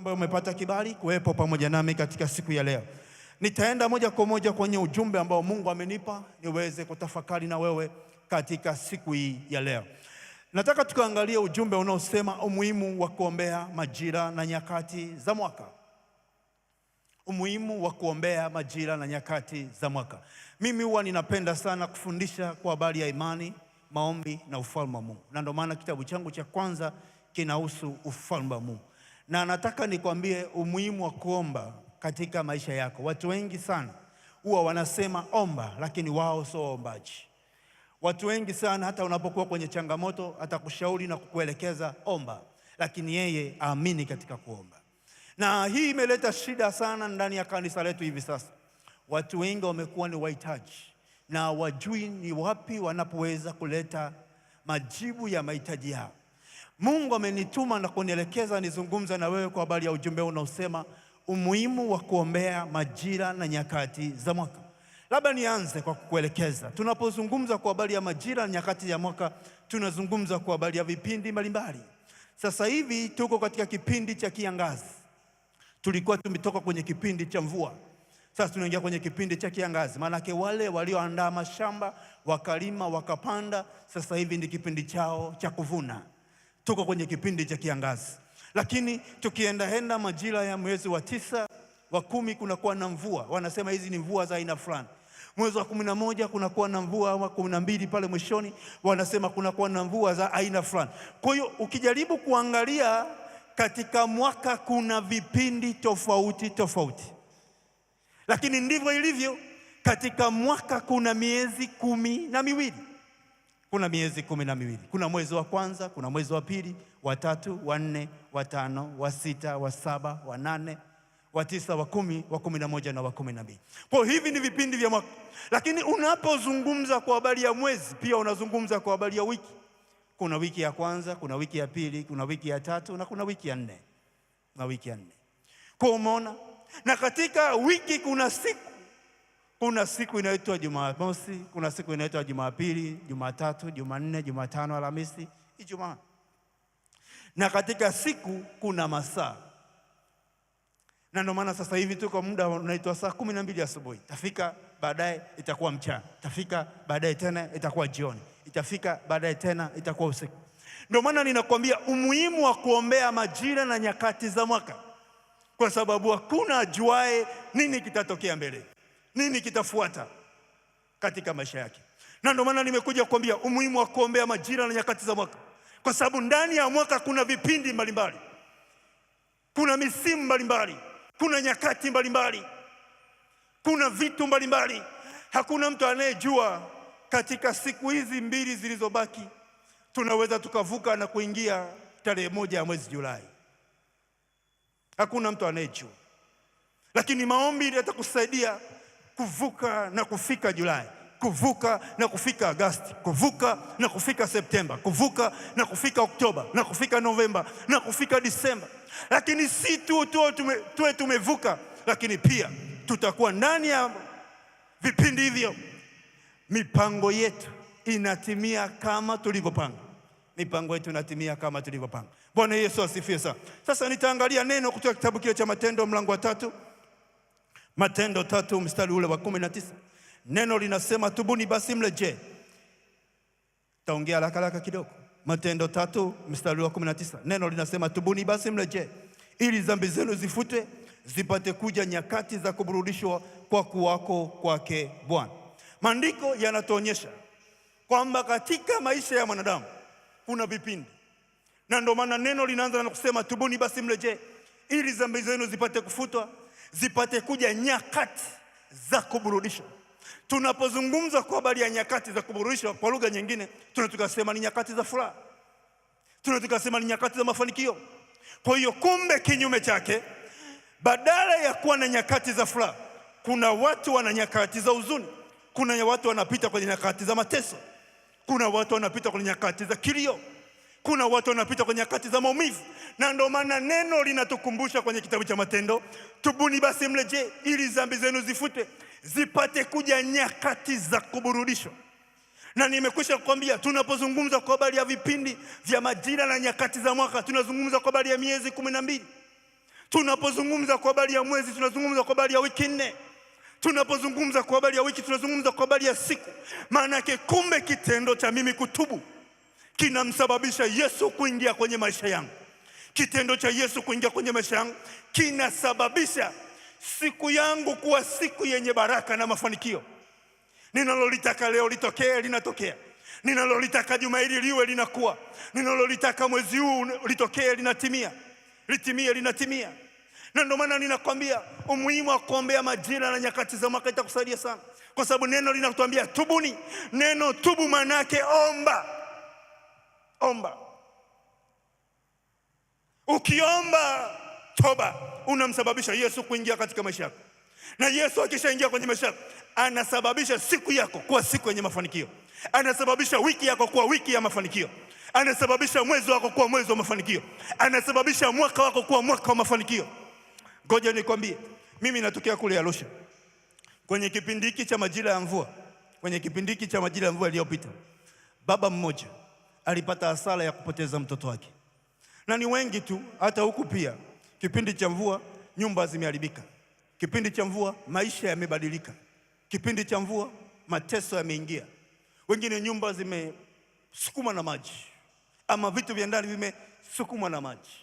ambayo umepata kibali kuwepo pamoja nami katika siku ya leo. Nitaenda moja kwa moja kwenye ujumbe ambao Mungu amenipa niweze kutafakari na wewe katika siku hii ya leo. Nataka tukaangalie ujumbe unaosema umuhimu wa kuombea majira na nyakati za mwaka. Umuhimu wa kuombea majira na nyakati za mwaka. Mimi huwa ninapenda sana kufundisha kwa habari ya imani, maombi na ufalme wa Mungu, na ndio maana kitabu changu cha kwanza kinahusu ufalme wa Mungu na nataka nikwambie umuhimu wa kuomba katika maisha yako. Watu wengi sana huwa wanasema omba, lakini wao sio waombaji. Watu wengi sana hata unapokuwa kwenye changamoto atakushauri na kukuelekeza omba, lakini yeye aamini katika kuomba, na hii imeleta shida sana ndani ya kanisa letu hivi sasa. Watu wengi wamekuwa ni wahitaji na wajui ni wapi wanapoweza kuleta majibu ya mahitaji yao. Mungu amenituma na kunielekeza nizungumze na wewe kwa habari ya ujumbe unaosema umuhimu wa kuombea majira na nyakati za mwaka. Labda nianze kwa kukuelekeza, tunapozungumza kwa habari ya majira na nyakati za mwaka, tunazungumza kwa habari ya vipindi mbalimbali. Sasa hivi tuko katika kipindi cha kiangazi, tulikuwa tumetoka kwenye kipindi cha mvua, sasa tunaingia kwenye kipindi cha kiangazi. Maanake wale walioandaa mashamba wakalima wakapanda, sasa hivi ni kipindi chao cha kuvuna. Tuko kwenye kipindi cha kiangazi, lakini tukiendaenda majira ya mwezi wa tisa wa kumi kunakuwa na mvua, wanasema hizi ni mvua za aina fulani. Mwezi wa kumi na moja kunakuwa na mvua, wa kumi na mbili pale mwishoni wanasema kunakuwa na mvua za aina fulani. Kwa hiyo ukijaribu kuangalia katika mwaka kuna vipindi tofauti tofauti, lakini ndivyo ilivyo katika mwaka kuna miezi kumi na miwili. Kuna miezi kumi na miwili. Kuna mwezi wa kwanza, kuna mwezi wa pili, wa tatu, wa nne, wa tano, wa sita, wa saba, wa nane, wa tisa, wa kumi, wa kumi na moja na wa kumi na mbili. Kwa hivi ni vipindi vya mwaka, lakini unapozungumza kwa habari ya mwezi pia unazungumza kwa habari ya wiki. Kuna wiki ya kwanza, kuna wiki ya pili, kuna wiki ya tatu na kuna wiki ya nne, na wiki ya nne kwa umeona, na katika wiki kuna siku kuna siku inaitwa Jumamosi, kuna siku inaitwa Jumapili, Jumatatu, Jumanne, Jumatano, Alhamisi, Ijumaa. Na katika siku kuna masaa, na ndio maana sasa hivi tuko muda unaitwa saa kumi na mbili asubuhi, tafika baadaye itakuwa mchana, tafika baadaye tena itakuwa jioni, itafika baadaye tena itakuwa usiku. Ndio maana ninakwambia umuhimu wa kuombea majira na nyakati za mwaka, kwa sababu hakuna ajuae nini kitatokea mbele nini kitafuata katika maisha yake. Na ndio maana nimekuja kukwambia umuhimu wa kuombea majira na nyakati za mwaka, kwa sababu ndani ya mwaka kuna vipindi mbalimbali, kuna misimu mbalimbali, kuna nyakati mbalimbali, kuna vitu mbalimbali. Hakuna mtu anayejua katika siku hizi mbili zilizobaki tunaweza tukavuka na kuingia tarehe moja ya mwezi Julai. Hakuna mtu anayejua, lakini maombi yatakusaidia kuvuka na kufika Julai, kuvuka na kufika Agasti, kuvuka na kufika Septemba, kuvuka na kufika Oktoba, na kufika Novemba, na kufika Disemba. Lakini si tu tuwe tumevuka, lakini pia tutakuwa ndani ya vipindi hivyo, mipango yetu inatimia kama tulivyopanga. Mipango yetu inatimia kama tulivyopanga. Bwana Yesu asifiwe sana. Sasa nitaangalia neno kutoka kitabu kile cha Matendo mlango wa tatu Matendo tatu mstari ule wa kumi na tisa neno linasema tubuni basi mleje. Taongea haraka haraka kidogo. Matendo tatu mstari wa kumi na tisa neno linasema tubuni basi mleje, ili dhambi zenu zifutwe, zipate kuja nyakati za kuburudishwa kwa kuwako kwake Bwana. Maandiko yanatuonyesha kwamba katika maisha ya mwanadamu kuna vipindi, na ndio maana neno linaanza na kusema tubuni basi mleje, ili dhambi zenu zipate kufutwa zipate kuja nyakati za kuburudisha. Tunapozungumza kwa habari ya nyakati za kuburudisha, kwa lugha nyingine, tunatukasema ni nyakati za furaha, tunatukasema ni nyakati za mafanikio. Kwa hiyo, kumbe kinyume chake, badala ya kuwa na nyakati za furaha, kuna watu wana nyakati za huzuni, kuna watu wanapita kwenye nyakati za mateso, kuna watu wanapita kwenye nyakati za kilio kuna watu wanapita kwenye nyakati za maumivu, na ndio maana neno linatukumbusha kwenye kitabu cha Matendo, tubuni basi mleje, ili zambi zenu zifutwe, zipate kuja nyakati za kuburudishwa. Na nimekwisha kukwambia, tunapozungumza kwa habari ya vipindi vya majira na nyakati za mwaka, tunazungumza kwa habari ya miezi kumi na mbili. Tunapozungumza kwa habari ya mwezi, tunazungumza kwa habari ya wiki nne tunapozungumza kwa habari ya wiki tunazungumza kwa habari ya siku. Maana yake kumbe kitendo cha mimi kutubu kinamsababisha Yesu kuingia kwenye maisha yangu. Kitendo cha Yesu kuingia kwenye maisha yangu kinasababisha siku yangu kuwa siku yenye baraka na mafanikio. Ninalolitaka leo litokee, linatokea. Ninalolitaka juma hili liwe, linakuwa. Ninalolitaka mwezi huu litokee, linatimia. Litimie, linatimia. Na ndio maana ninakwambia umuhimu wa kuombea majira na nyakati za mwaka itakusaidia sana, kwa sababu neno linatuambia tubuni. Neno tubu maana yake omba omba. Ukiomba toba, unamsababisha Yesu kuingia katika maisha yako, na Yesu akishaingia kwenye maisha yako anasababisha siku yako kuwa siku yenye mafanikio, anasababisha wiki yako kuwa wiki ya mafanikio, anasababisha mwezi wako kuwa mwezi wa mafanikio, anasababisha mwaka wako kuwa mwaka wa mafanikio. Ngoja nikwambie, mimi natokea kule Arusha. Kwenye kipindi hiki cha majira ya mvua, kwenye kipindi hiki cha majira ya mvua iliyopita, baba mmoja alipata hasara ya kupoteza mtoto wake, na ni wengi tu. Hata huku pia, kipindi cha mvua nyumba zimeharibika, kipindi cha mvua maisha yamebadilika, kipindi cha mvua mateso yameingia. Wengine nyumba zimesukumwa na maji, ama vitu vya ndani vimesukumwa na maji.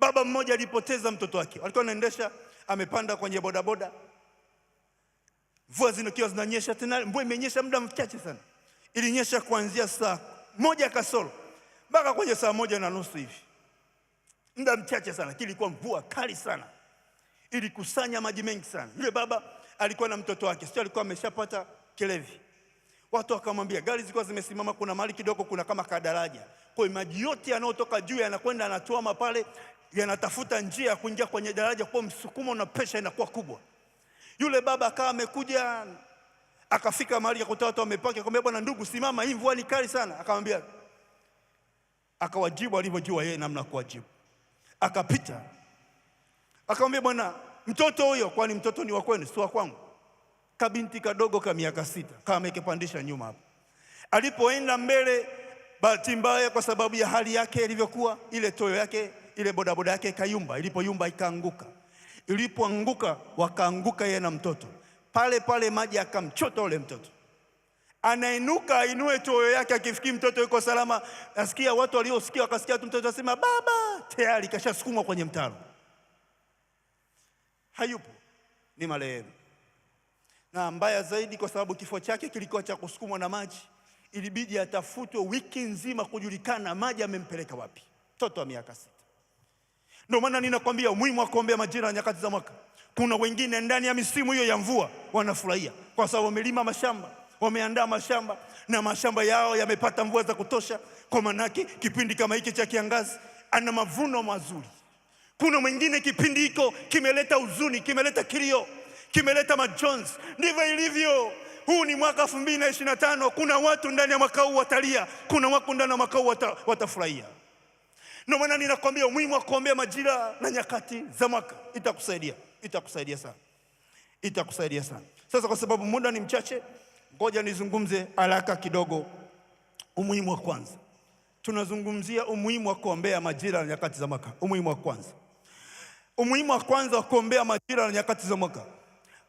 Baba mmoja alipoteza mtoto wake, alikuwa anaendesha, amepanda kwenye bodaboda, mvua zinakiwa zinanyesha tena, mvua imenyesha muda mchache sana, ilinyesha kuanzia saa moja kasoro mpaka kwenye saa moja na nusu hivi, muda mchache sana. Kilikuwa mvua kali sana, ilikusanya maji mengi sana. Yule baba alikuwa na mtoto wake, sio, alikuwa ameshapata kilevi. Watu wakamwambia, gari zilikuwa zimesimama, kuna mali kidogo, kuna kama kadaraja, kwa maji yote yanayotoka juu yanakwenda yanatuama pale, yanatafuta njia ya kuingia kwenye daraja, kwa msukumo na presha inakuwa kubwa. Yule baba akawa amekuja Akafika mahali kutoa watu wamepaki, akamwambia bwana ndugu, simama, hii mvua ni kali sana. Akamwambia, akawajibu alivyojua yeye namna kuwajibu. Akapita akamwambia, bwana mtoto huyo, kwani mtoto ni wa kwenu, si wa kwangu? Kabinti kadogo ka miaka sita, kama amekipandisha nyuma hapo. Alipoenda mbele, bahati mbaya, kwa sababu ya hali yake ilivyokuwa, ile toyo yake, ile bodaboda yake ikayumba. Ilipoyumba ikaanguka, ilipoanguka wakaanguka yeye na mtoto pale pale maji akamchota ule mtoto. Anainuka ainue toyo yake, akifikii mtoto yuko salama, asikia watu waliosikia, wakasikia tu mtoto asema baba, tayari kashasukumwa kwenye mtaro. Hayupo, ni marehemu. Na mbaya zaidi, kwa sababu kifo chake kilikuwa cha kusukumwa na maji, ilibidi atafutwe wiki nzima kujulikana maji amempeleka wapi, mtoto wa miaka sita. Ndio maana ninakwambia umuhimu wa kuombea majira ya nyakati za mwaka. Kuna wengine ndani ya misimu hiyo ya mvua wanafurahia kwa sababu wamelima mashamba, wameandaa mashamba na mashamba yao yamepata mvua za kutosha. Kwa manake kipindi kama hiki cha kiangazi ana mavuno mazuri. Kuna mwingine kipindi hiko kimeleta huzuni, kimeleta kilio, kimeleta majonzi. Ndivyo ilivyo. Huu ni mwaka tano. Kuna watu ndani ya mwaka huu watalia, kuna watu ndani ya mwaka huu wata, watafurahia. Ndio maana ninakwambia umuhimu wa kuombea majira na nyakati za mwaka, itakusaidia itakusaidia sana, itakusaidia sana. Sasa kwa sababu muda ni mchache, ngoja nizungumze haraka kidogo umuhimu wa kwanza. Tunazungumzia umuhimu wa kuombea majira na nyakati za mwaka. Umuhimu wa kwanza, umuhimu wa kwanza wa kuombea majira na nyakati za mwaka.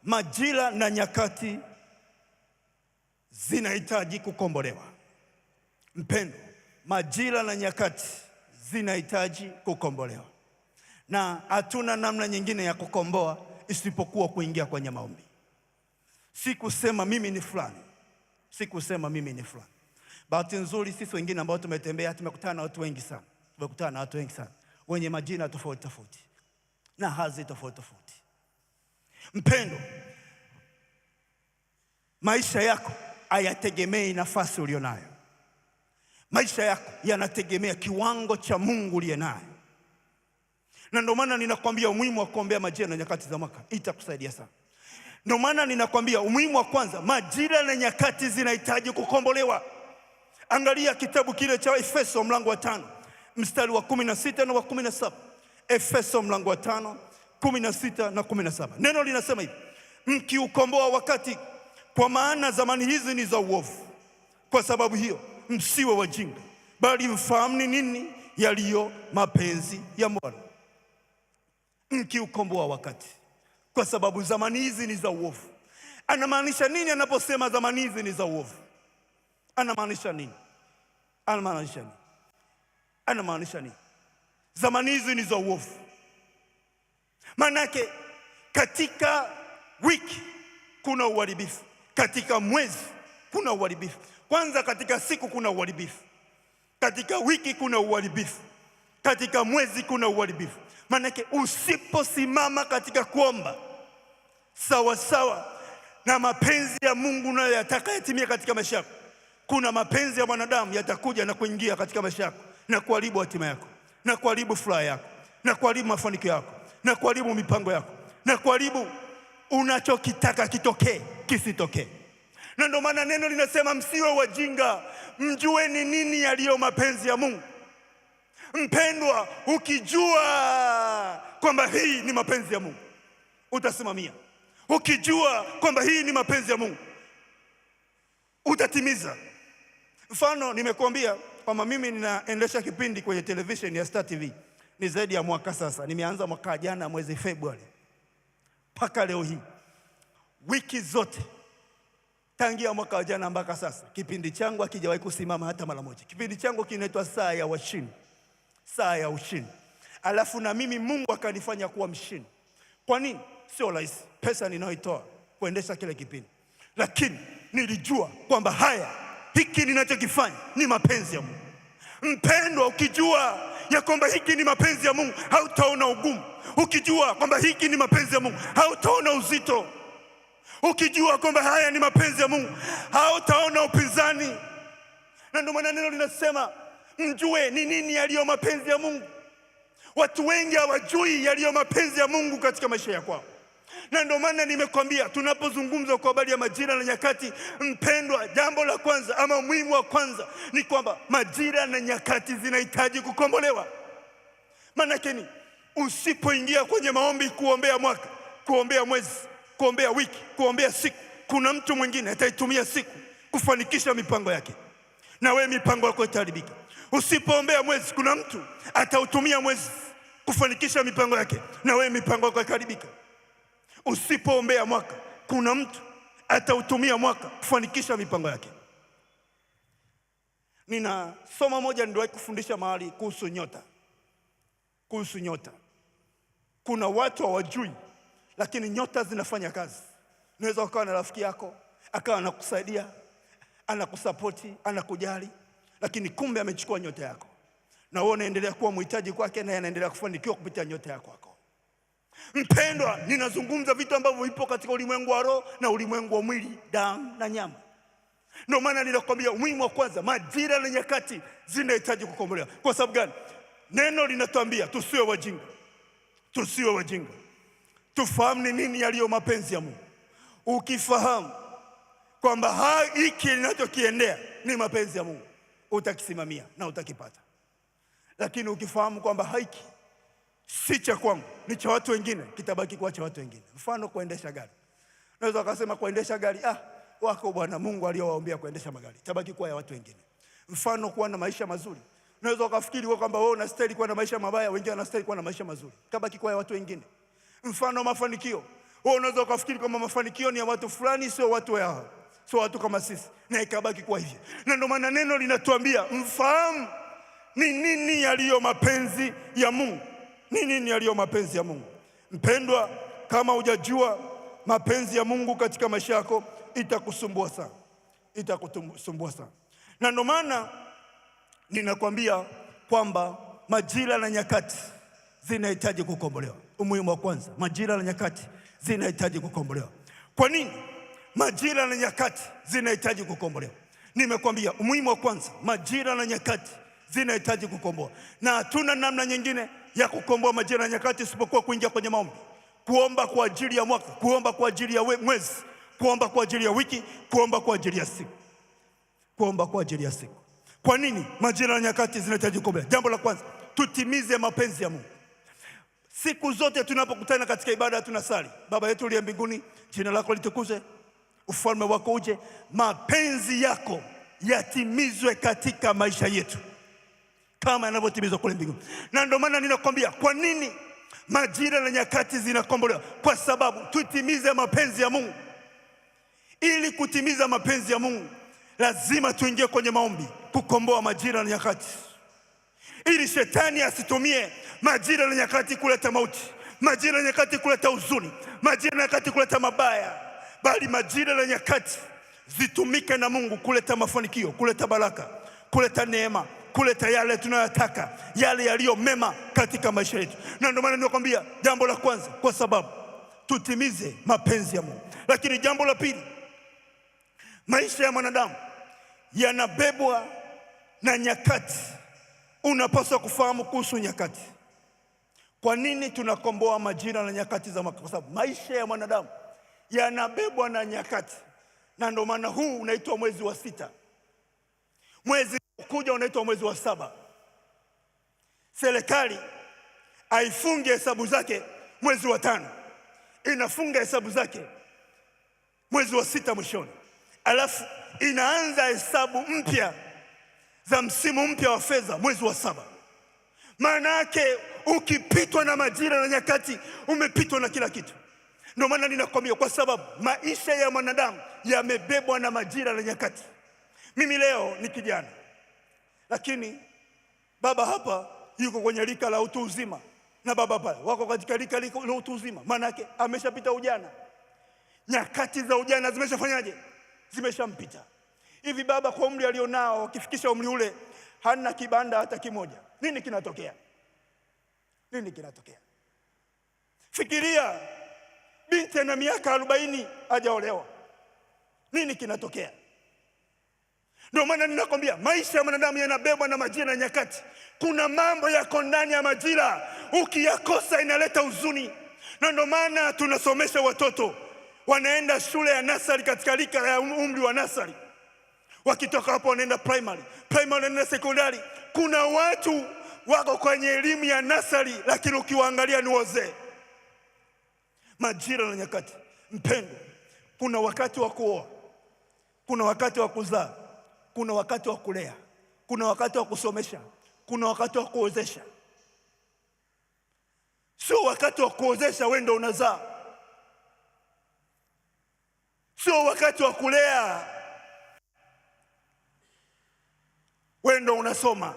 Majira na nyakati zinahitaji kukombolewa. Mpendo, majira na nyakati zinahitaji kukombolewa na hatuna namna nyingine ya kukomboa isipokuwa kuingia kwenye maombi. Si kusema mimi ni fulani, si kusema mimi ni fulani. Bahati nzuri sisi wengine ambao tumetembea, tumekutana na watu wengi sana, tumekutana na watu wengi sana wenye majina tofauti tofauti na hazi tofauti tofauti. Mpendo, maisha yako hayategemei nafasi ulionayo. Maisha yako yanategemea kiwango cha Mungu uliye nayo. Na ndio maana ninakwambia umuhimu wa kuombea majira na nyakati za mwaka itakusaidia sana. Ndio maana ninakwambia umuhimu wa kwanza, majira na nyakati zinahitaji kukombolewa. Angalia kitabu kile cha Efeso mlango wa tano mstari wa kumi na sita na wa kumi na saba Efeso mlango wa tano kumi na sita na kumi na saba Neno linasema hivi, mkiukomboa wakati, kwa maana zamani hizi ni za uovu. Kwa sababu hiyo msiwe wajinga, bali mfahamu ni nini yaliyo mapenzi ya Mungu mkiukomboa wakati, kwa sababu zamani hizi ni za uovu. Anamaanisha nini anaposema zamani hizi ni za uovu? Anamaanisha nini? Anamaanisha nini? Anamaanisha nini? Zamani hizi ni za uovu. Maana katika wiki kuna uharibifu, katika mwezi kuna uharibifu, kwanza katika siku kuna uharibifu, katika wiki kuna uharibifu, katika mwezi kuna uharibifu. Maanake usiposimama katika kuomba sawa sawa na mapenzi ya Mungu unayoyataka yatimie katika maisha yako, kuna mapenzi ya mwanadamu yatakuja na kuingia katika maisha yako na kuharibu hatima yako na kuharibu furaha yako na kuharibu mafanikio yako na kuharibu mipango yako na kuharibu unachokitaka kitokee kisitokee. Na ndio maana neno linasema msiwe wajinga, mjue ni nini yaliyo mapenzi ya Mungu. Mpendwa, ukijua kwamba hii ni mapenzi ya Mungu utasimamia. Ukijua kwamba hii ni mapenzi ya Mungu utatimiza. Mfano, nimekuambia kwamba mimi ninaendesha kipindi kwenye television ya Star TV ni zaidi ya mwaka sasa. Nimeanza mwaka jana mwezi Februari mpaka leo hii, wiki zote tangia mwaka wa jana mpaka sasa, kipindi changu hakijawahi kusimama hata mara moja. Kipindi changu kinaitwa Saa ya Washindi saa ya ushindi, alafu na mimi Mungu akanifanya kuwa mshindi. Kwa nini? Sio rahisi pesa ninayoitoa kuendesha kile kipindi, lakini nilijua kwamba haya, hiki ninachokifanya ni mapenzi ya Mungu. Mpendwa, ukijua ya kwamba hiki ni mapenzi ya Mungu hautaona ugumu. Ukijua kwamba hiki ni mapenzi ya Mungu hautaona uzito. Ukijua kwamba haya ni mapenzi ya Mungu hautaona upinzani, na ndio maana neno linasema mjue ni nini yaliyo mapenzi ya Mungu. Watu wengi hawajui yaliyo mapenzi ya Mungu katika maisha ya kwao, na ndio maana nimekwambia tunapozungumza kwa habari ya majira na nyakati, mpendwa, jambo la kwanza ama muhimu wa kwanza ni kwamba majira na nyakati zinahitaji kukombolewa. Maanake ni usipoingia kwenye maombi, kuombea mwaka, kuombea mwezi, kuombea wiki, kuombea siku, kuna mtu mwingine ataitumia siku kufanikisha mipango yake, na wewe mipango yako itaharibika. Usipoombea mwezi, kuna mtu atautumia mwezi kufanikisha mipango yake, na wewe mipango yako ikaribika. Usipoombea mwaka, kuna mtu atautumia mwaka kufanikisha mipango yake. Nina somo moja niliwahi kufundisha mahali kuhusu nyota, kuhusu nyota. Kuna watu hawajui, lakini nyota zinafanya kazi. Unaweza ukawa na rafiki yako akawa anakusaidia, anakusapoti, anakujali lakini kumbe amechukua nyota yako, na wewe unaendelea kuwa mhitaji kwake, naye anaendelea kufanikiwa kupitia nyota yako kwako. Mpendwa, ninazungumza vitu ambavyo vipo katika ulimwengu wa roho na ulimwengu wa mwili, damu na nyama. Ndio maana ninakwambia umuhimu wa kwanza, majira na nyakati zinahitaji kukombolewa. Kwa sababu gani? Neno linatuambia tusiwe wajinga, tusiwe wajinga, tufahamu ni nini yaliyo mapenzi ya Mungu. Ukifahamu kwamba hiki linachokiendea ni mapenzi ya Mungu utakisimamia na utakipata. Lakini ukifahamu kwamba haiki si cha kwangu, ni cha watu wengine, kitabaki kuwa cha watu wengine. Mfano, kuendesha gari, naweza wakasema kuendesha gari ah, wako bwana Mungu aliyowaombea kuendesha magari, tabaki kuwa ya watu wengine. Mfano, kuwa na maisha mazuri, unaweza ukafikiri kwa kwamba wewe unastahili kuwa na maisha mabaya, wengine wanastahili kuwa na maisha mazuri, tabaki kwa ya watu wengine. Mfano, mafanikio, wewe unaweza ukafikiri kwamba mafanikio ni ya watu fulani, sio watu wao sio watu kama sisi, na ikabaki kuwa hivyo. Na ndio maana neno linatuambia mfahamu ni nini yaliyo mapenzi ya Mungu. Ni nini yaliyo mapenzi ya Mungu? Mpendwa, kama hujajua mapenzi ya Mungu katika maisha yako, itakusumbua sana, itakusumbua sana. Na ndio maana ninakwambia kwamba majira na nyakati zinahitaji kukombolewa. Umuhimu wa kwanza, majira na nyakati zinahitaji kukombolewa. Kwa nini? Majira na nyakati zinahitaji kukombolewa. Nimekwambia umuhimu wa kwanza, majira na nyakati zinahitaji kukomboa, na hatuna namna nyingine ya kukomboa majira na nyakati isipokuwa kuingia kwenye maombi, kuomba kwa ajili ya mwaka, kuomba kwa ajili ya mwezi, kuomba kwa ajili ya wiki, kuomba kwa ajili ya siku, kuomba kwa ajili ya siku. Kwa nini majira na nyakati zinahitaji kukombolewa? Jambo la kwanza, tutimize mapenzi ya Mungu. Siku zote tunapokutana katika ibada tunasali: Baba yetu uliye mbinguni, jina lako litukuzwe ufalme wako uje, mapenzi yako yatimizwe katika maisha yetu kama yanavyotimizwa kule mbinguni. Na ndio maana ninakwambia, kwa nini majira na nyakati zinakombolewa? Kwa sababu tutimize mapenzi ya Mungu. Ili kutimiza mapenzi ya Mungu, lazima tuingie kwenye maombi kukomboa majira na nyakati, ili shetani asitumie majira na nyakati kuleta mauti, majira na nyakati kuleta huzuni, majira na nyakati kuleta mabaya bali majira na nyakati zitumike na Mungu kuleta mafanikio, kuleta baraka, kuleta neema, kuleta yale tunayotaka, yale yaliyo mema katika maisha yetu. Na ndio maana ninakwambia jambo la kwanza, kwa sababu tutimize mapenzi ya Mungu. Lakini jambo la pili, maisha ya mwanadamu yanabebwa na nyakati. Unapaswa kufahamu kuhusu nyakati. Kwa nini tunakomboa majira na nyakati za mwaka? Kwa sababu maisha ya mwanadamu yanabebwa na nyakati, na ndio maana huu unaitwa mwezi wa sita. Mwezi kuja unaitwa mwezi wa saba. Serikali aifunge hesabu zake mwezi wa tano, inafunga hesabu zake mwezi wa sita mwishoni, alafu inaanza hesabu mpya za msimu mpya wa fedha mwezi wa saba. Maana yake ukipitwa na majira na nyakati, umepitwa na kila kitu. Ndio maana ninakwambia, kwa sababu maisha ya mwanadamu yamebebwa na majira na nyakati. Mimi leo ni kijana, lakini baba hapa yuko kwenye rika la utu uzima na baba pale wako katika rika la utu uzima, maana yake ameshapita ujana. Nyakati za ujana zimeshafanyaje? Zimeshampita. Hivi baba kwa umri alionao, akifikisha umri ule hana kibanda hata kimoja, nini kinatokea? Nini kinatokea? Fikiria binti ana miaka arobaini hajaolewa, nini kinatokea? Ndio maana ninakwambia maisha ya mwanadamu yanabebwa na majira na nyakati. Kuna mambo yako ndani ya majira, ukiyakosa inaleta huzuni, na ndio maana tunasomesha watoto wanaenda shule ya nasari katika rika ya um-, umri wa nasari, wakitoka hapo wanaenda primary, primary wanaenda sekondari. Kuna watu wako kwenye elimu ya nasari, lakini ukiwaangalia ni wazee majira na nyakati. Mpendwa, kuna wakati wa kuoa, kuna wakati wa kuzaa, kuna wakati wa kulea, kuna wakati wa kusomesha, kuna wakati wa kuozesha. Sio wakati wa kuozesha wewe ndio unazaa, sio wakati wa kulea wewe ndio unasoma.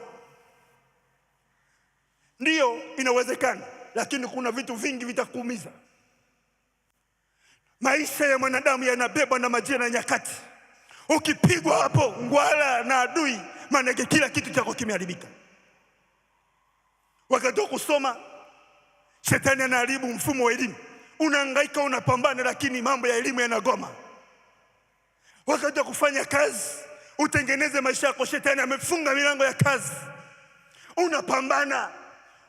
Ndiyo, inawezekana, lakini kuna vitu vingi vitakuumiza. Maisha ya mwanadamu yanabebwa na majira na nyakati. Ukipigwa hapo ngwala na adui, maanake kila kitu chako kimeharibika. Wakati wa kusoma, shetani anaharibu mfumo wa elimu. Unahangaika, unapambana, lakini mambo ya elimu yanagoma. Wakati wa kufanya kazi, utengeneze maisha yako. Shetani amefunga milango ya kazi, unapambana.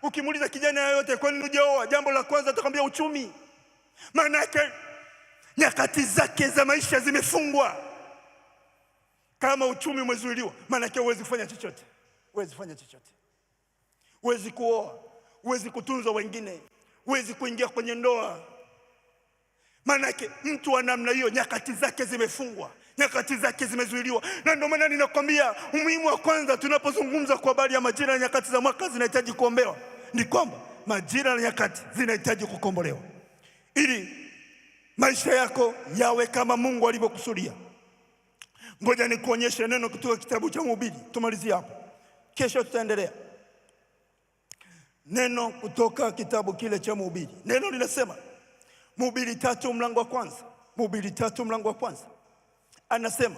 Ukimuuliza kijana yoyote, kwa nini hujaoa, jambo la kwanza atakwambia uchumi. Maanake nyakati zake za maisha zimefungwa. Kama uchumi umezuiliwa, maanake huwezi kufanya chochote, huwezi kufanya chochote, huwezi kuoa, huwezi kutunza wengine, huwezi kuingia kwenye ndoa. Maanake mtu wa namna hiyo nyakati zake zimefungwa, nyakati zake zimezuiliwa. Na ndio maana ninakwambia umuhimu wa kwanza, tunapozungumza kwa habari ya majira na nyakati za mwaka zinahitaji kuombewa, ni kwamba majira na nyakati zinahitaji kukombolewa ili maisha yako yawe kama Mungu alivyokusudia. Ngoja nikuonyeshe neno kutoka kitabu cha Mhubiri, tumalizie hapo, kesho tutaendelea. Neno kutoka kitabu kile cha Mhubiri, neno linasema, Mhubiri tatu mlango wa kwanza, Mhubiri tatu mlango wa kwanza anasema,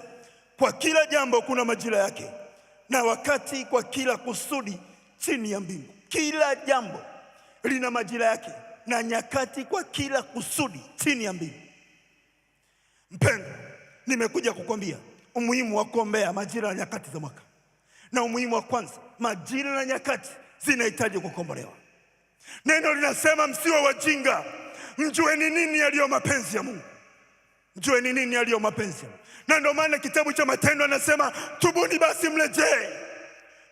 kwa kila jambo kuna majira yake na wakati, kwa kila kusudi chini ya mbingu. Kila jambo lina majira yake na nyakati kwa kila kusudi chini ya mbingu. mpendo nimekuja kukwambia umuhimu wa kuombea majira na nyakati za mwaka, na umuhimu wa kwanza, majira na nyakati zinahitaji kukombolewa. Neno linasema msiwe wajinga, mjue ni nini yaliyo mapenzi ya Mungu, mjue ni nini yaliyo mapenzi ya Mungu. Na ndio maana kitabu cha Matendo anasema tubuni basi mrejee.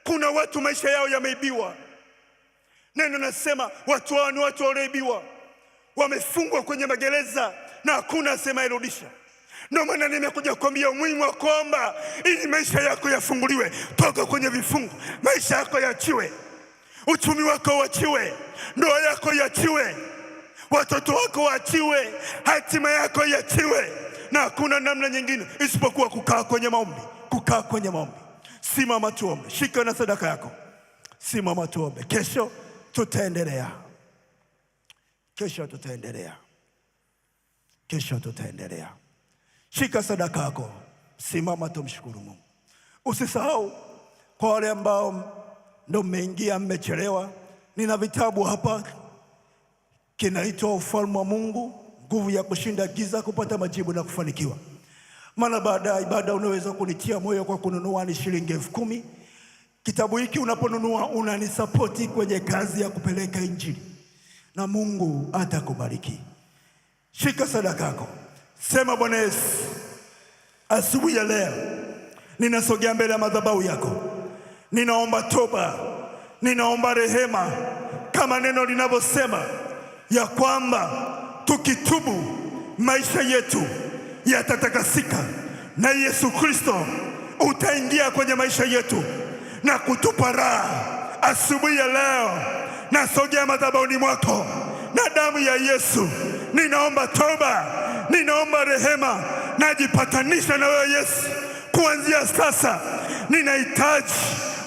Kuna watu maisha yao yameibiwa Neno nasema watu hawa ni watu walioibiwa, wamefungwa kwenye magereza na hakuna irudisha Ndio maana nimekuja kuambia umuhimu wa kuomba ili maisha yako yafunguliwe toka kwenye vifungo, maisha yako yachiwe, uchumi wako wachiwe, ndoa yako yachiwe, watoto wako waachiwe, hatima yako yachiwe, na hakuna namna nyingine isipokuwa kukaa kwenye maombi, kukaa kwenye maombi. Simama tuombe, shika na sadaka yako, simama tuombe kesho tutaendelea kesho, tutaendelea kesho, tutaendelea. Shika sadaka yako, simama, tumshukuru Mungu. Usisahau kwa wale ambao ndo mmeingia mmechelewa, nina vitabu hapa, kinaitwa Ufalme wa Mungu, nguvu ya kushinda giza, kupata majibu na kufanikiwa. Mara baada ya ibada unaweza kunitia moyo kwa kununua, ni shilingi elfu kumi. Kitabu hiki unaponunua unanisapoti kwenye kazi ya kupeleka Injili, na Mungu atakubariki. Shika sadaka yako, sema Bwana Yesu, asubuhi ya leo ninasogea mbele ya madhabahu yako, ninaomba toba, ninaomba rehema, kama neno linavyosema ya kwamba tukitubu maisha yetu yatatakasika, na Yesu Kristo utaingia kwenye maisha yetu na kutupa raha asubuhi ya leo. Nasogea madhabahuni mwako na damu ya Yesu, ninaomba toba, ninaomba rehema, najipatanisha na wewe Yesu. Kuanzia sasa ninahitaji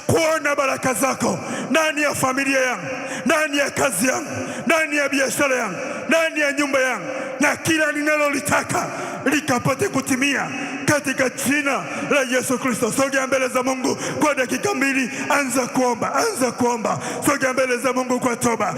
kuona baraka zako ndani ya familia yangu, ndani ya kazi yangu, ndani ya biashara yangu, ndani ya nyumba yangu, na kila ninalolitaka likapate kutimia katika jina la Yesu Kristo. Sogea mbele za Mungu kwa dakika mbili, anza kuomba, anza kuomba, sogea mbele za Mungu kwa toba.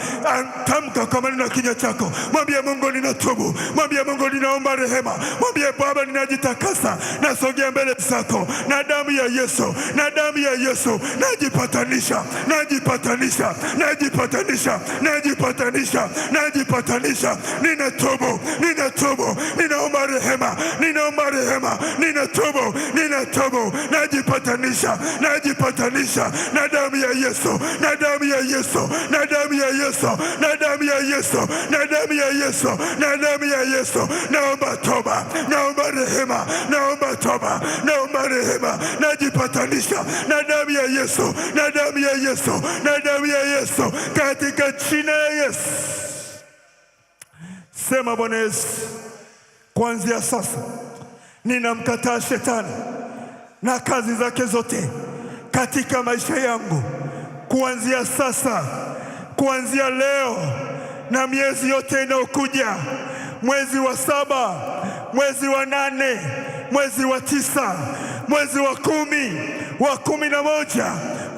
Tamka kwa maneno ya kinywa chako, mwambie Mungu ninatubu, mwambie Mungu ninaomba rehema, mwambie Baba ninajitakasa, nasogea mbele zako na damu ya Yesu, na damu ya Yesu najipatanisha, najipatanisha, najipatanisha, najipatanisha, najipatanisha, ninatubu, ninatubu, ninaomba rehema, ninaomba rehema ninatubu, ninatubu, najipatanisha, najipatanisha na damu ya Yesu, na damu ya Yesu, na damu ya Yesu, na damu ya Yesu, na damu ya Yesu, na damu ya Yesu. Naomba toba, naomba rehema, naomba toba, naomba rehema, najipatanisha na damu ya Yesu, na damu ya Yesu, na damu ya Yesu, katika jina ya Yesu. Sema Bwana Yesu, kuanzia sasa ninamkataa shetani na kazi zake zote katika maisha yangu kuanzia sasa, kuanzia leo na miezi yote inayokuja, mwezi wa saba, mwezi wa nane, mwezi wa tisa, mwezi wa kumi, wa kumi na moja,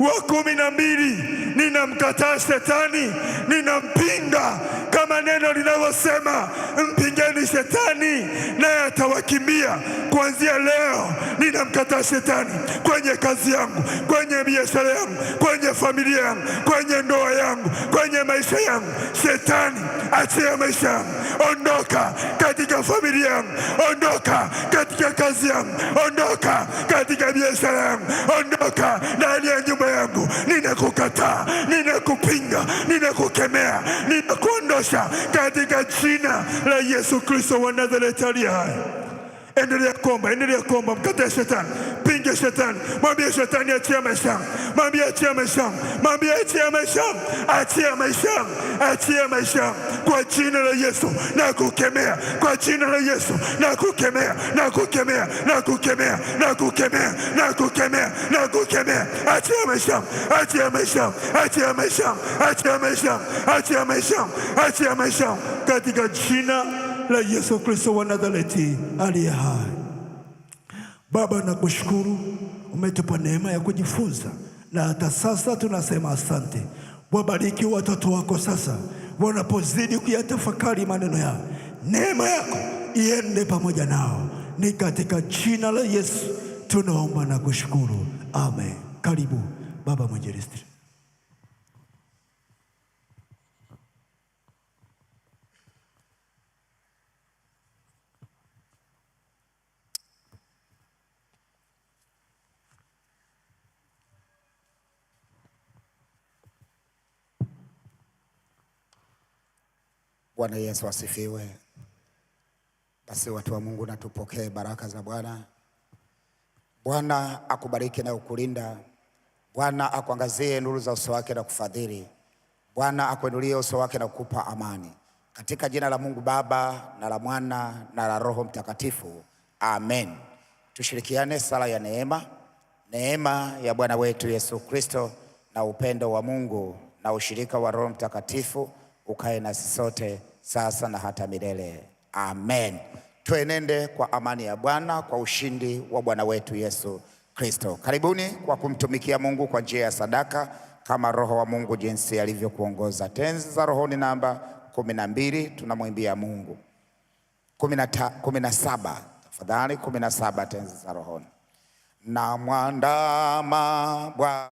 wa kumi na mbili. Ninamkataa shetani, ninampinga kama neno linavyosema, mpingeni shetani naye atawakimbia. Kuanzia leo ninamkataa shetani kwenye kazi yangu, kwenye biashara yangu, kwenye familia yangu, kwenye ndoa yangu, kwenye maisha yangu. Shetani, achia maisha yangu, ondoka katika familia yangu, ondoka katika kazi yangu, ondoka katika biashara yangu, ondoka ndani ya nyumba yangu. Ninakukataa, ninakupinga, ninakukemea, ninakuondoa sasa katika jina la Yesu Kristo wa Nazareti aliye hai. Endelea kuomba, endelea kuomba, mkatae shetani, pinge shetani, mwambie shetani, achia maisha yangu, mwambie achia maisha yangu, mwambie achia maisha yangu, achia maisha yangu, achia maisha yangu, kwa jina la Yesu na kukemea, kwa jina la Yesu na kukemea, na kukemea, na kukemea, na kukemea, na kukemea, na kukemea, achia maisha yangu, achia maisha yangu, achia maisha yangu, achia maisha yangu, achia maisha yangu, achia maisha yangu, katika jina la Yesu Kristo wa Nazareti aliye hai. Baba, nakushukuru umetupa neema ya kujifunza, na hata sasa tunasema asante. Wabariki watoto wako sasa wanapozidi kuyatafakari maneno yao, neema yako iende pamoja nao, ni katika jina la Yesu tunaomba na kushukuru, amen. Karibu Baba Mwinjilisti. Bwana Yesu asifiwe. Basi watu wa Mungu, na tupokee baraka za Bwana. Bwana akubariki na ukulinda. Bwana akuangazie nuru za uso wake na kufadhili. Bwana akuinulie uso wake na kukupa amani, katika jina la Mungu Baba na la Mwana na la Roho Mtakatifu, amen. Tushirikiane sala ya neema. Neema ya Bwana wetu Yesu Kristo na upendo wa Mungu na ushirika wa Roho Mtakatifu ukae na sote sasa na hata milele. Amen. Tuenende kwa amani ya Bwana kwa ushindi wa Bwana wetu Yesu Kristo. Karibuni kwa kumtumikia Mungu kwa njia ya sadaka kama Roho wa Mungu jinsi alivyokuongoza. Tenzi za Roho ni namba kumi na mbili, tunamwimbia Mungu kumi na saba. Tafadhali kumi na saba, tenzi za rohoni na mwandama Bwana.